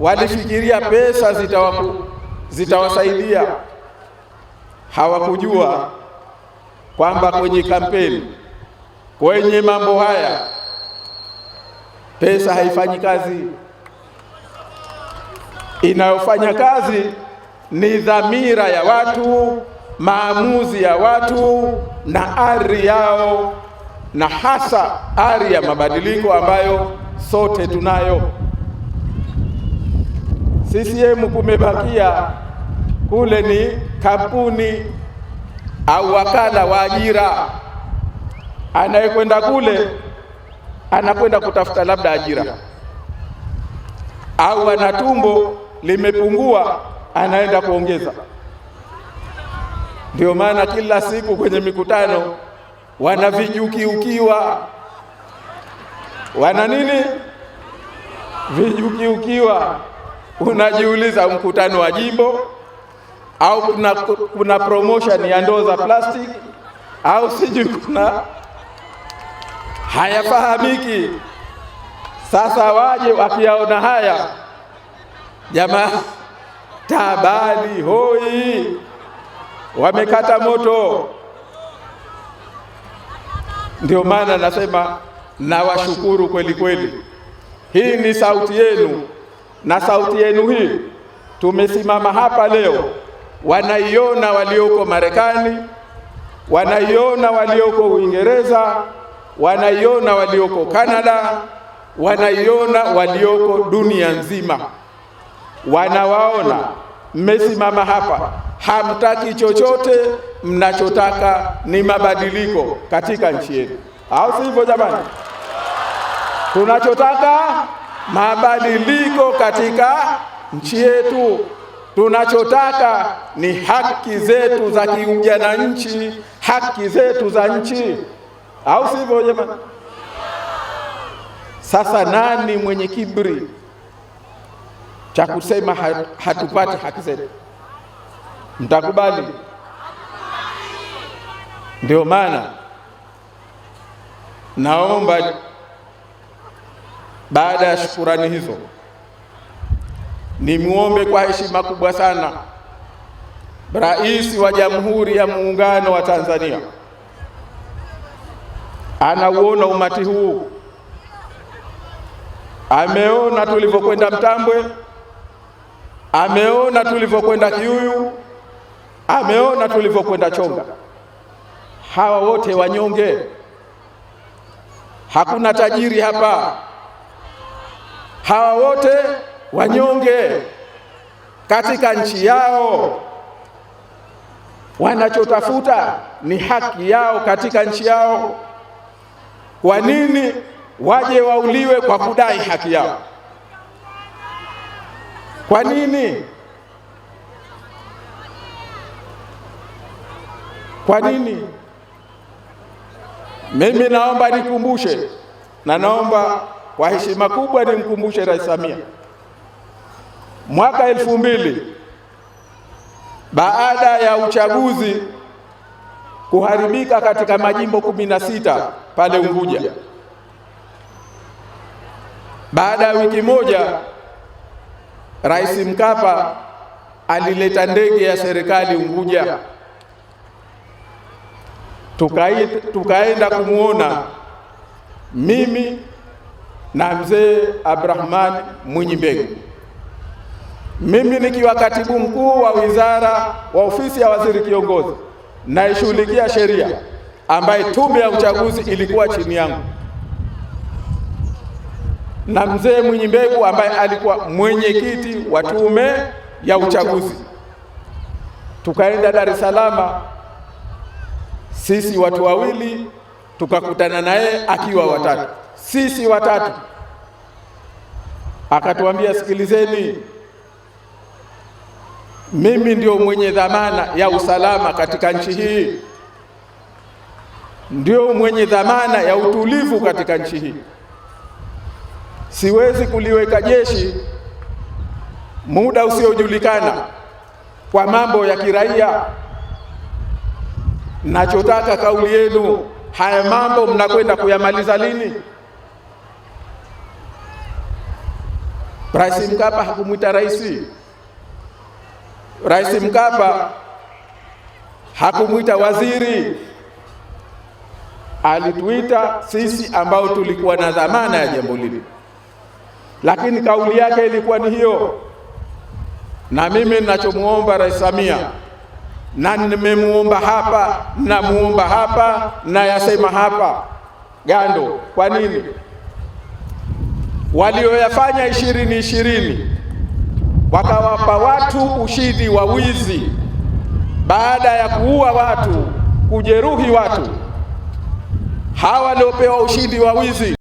walifikiria pesa zitawaku, zitawasaidia. Hawakujua kwamba kwenye kampeni, kwenye mambo haya, pesa haifanyi kazi. Inayofanya kazi ni dhamira ya watu, maamuzi ya watu na ari yao, na hasa ari ya mabadiliko ambayo sote tunayo. CCM kumebakia kule ni kampuni au wakala wa ajira, anayekwenda kule anakwenda kutafuta labda ajira, au ana tumbo limepungua, anaenda kuongeza. Ndio maana kila siku kwenye mikutano wanavijukiukiwa, wana nini, vijukiukiwa unajiuliza mkutano wa jimbo au kuna, kuna promotion ya ndoo za plastic au sijui kuna hayafahamiki. Sasa waje wakiyaona haya, jamaa Tabali hoi, wamekata moto. Ndio maana nasema nawashukuru kweli kweli, hii ni sauti yenu na sauti yenu hii tumesimama hapa leo, wanaiona walioko Marekani, wanaiona walioko Uingereza, wanaiona walioko Kanada, wanaiona walioko dunia nzima, wanawaona mmesimama hapa, hamtaki chochote, mnachotaka ni mabadiliko katika nchi yetu, au sivyo? Jamani, tunachotaka mabadiliko katika nchi yetu. Tunachotaka ni haki zetu za kiujana nchi, haki zetu za nchi, au sivyo jamani? Sasa nani mwenye kiburi cha kusema hatupati haki zetu? Mtakubali? Ndio maana naomba baada ya shukurani hizo, nimwombe kwa heshima kubwa sana Rais wa Jamhuri ya Muungano wa Tanzania anauona umati huu, ameona tulivyokwenda Mtambwe, ameona tulivyokwenda Kiuyu, ameona tulivyokwenda Chonga. Hawa wote wanyonge, hakuna tajiri hapa hawa wote wanyonge katika nchi yao, wanachotafuta ni haki yao katika nchi yao. Kwa nini waje wauliwe kwa kudai haki yao? Kwa nini? Kwa nini? Mimi naomba nikumbushe na naomba kwa heshima kubwa nimkumbushe Rais Samia, mwaka elfu mbili baada ya uchaguzi kuharibika katika majimbo kumi na sita pale Unguja, baada ya wiki moja Rais Mkapa alileta ndege ya serikali Unguja, tukaenda tuka kumwona mimi na mzee Abdrahman Mwinyi Mbegu. Mimi nikiwa katibu mkuu wa wizara wa ofisi ya waziri kiongozi naishughulikia sheria ambaye tume ya uchaguzi ilikuwa chini yangu, na mzee Mwinyi Mbegu ambaye alikuwa mwenyekiti wa tume ya uchaguzi. Tukaenda Dar es Salaam sisi watu wawili, tukakutana naye akiwa watatu sisi watatu, akatuambia sikilizeni, mimi ndio mwenye dhamana ya usalama katika nchi hii, ndio mwenye dhamana ya utulivu katika nchi hii. Siwezi kuliweka jeshi muda usiojulikana kwa mambo ya kiraia. Nachotaka kauli yenu, haya mambo mnakwenda kuyamaliza lini? Rais Mkapa hakumwita rais. Rais Mkapa hakumwita waziri, alituita sisi ambao tulikuwa na dhamana ya jambo lile, lakini kauli yake ilikuwa ni hiyo. Na mimi ninachomuomba Rais Samia na nimemuomba hapa, namuomba hapa na yasema hapa Gando, kwa nini walioyafanya ishirini ishirini, wakawapa watu ushindi wa wizi baada ya kuua watu, kujeruhi watu. Hawa waliopewa ushindi wa wizi